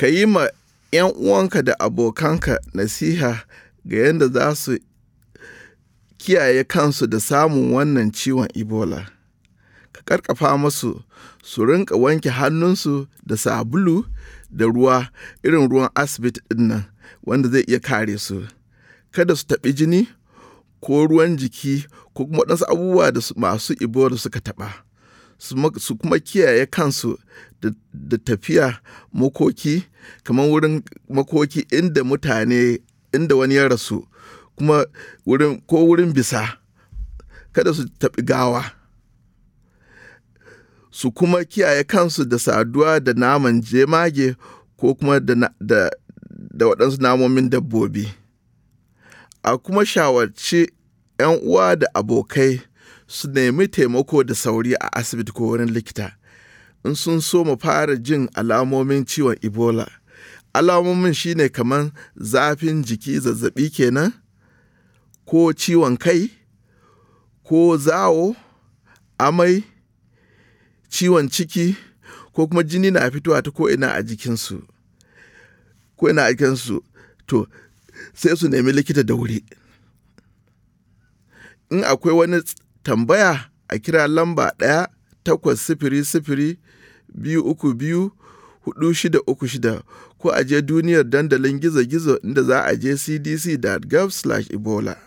Ka yi ma ’yan uwanka da abokanka nasiha ga yadda za su kiyaye kansu da samun wannan ciwon Ebola. Ka ƙarƙafa masu su rinƙa wanke hannunsu da sabulu da ruwa irin ruwan asibiti ɗinnan wanda zai iya kare su. Kada su taɓi jini ko ruwan jiki ko kuma waɗansu abubuwa da masu Ebola suka taɓa. Su kuma kiyaye kansu da tafiya makoki kamar wurin makoki inda mutane inda wani ya rasu kuma ko wurin bisa kada su taɓi gawa su kuma kiyaye kansu da saduwa da naman jemage ko kuma da, da waɗansu namomin dabbobi a kuma shawarci 'yan uwa da abokai su nemi taimako da sauri a asibiti ko wurin likita in sun so mu fara jin alamomin ciwon Ebola. Alamomin shine kamar zafin jiki zazzabi kenan, ko ciwon kai, ko zawo, amai, ciwon ciki, ko kuma jini na fitowa ta ko ko'ina a jikinsu. ko ina a jikinsu, to, sai su nemi likita da wuri. In akwai wani tambaya a kira lamba ɗaya takwas sifiri sifiri biyu uku biyu hudu shida uku shida ko a je duniyar dandalin gizo-gizo inda za a je cdc.gov/ebola.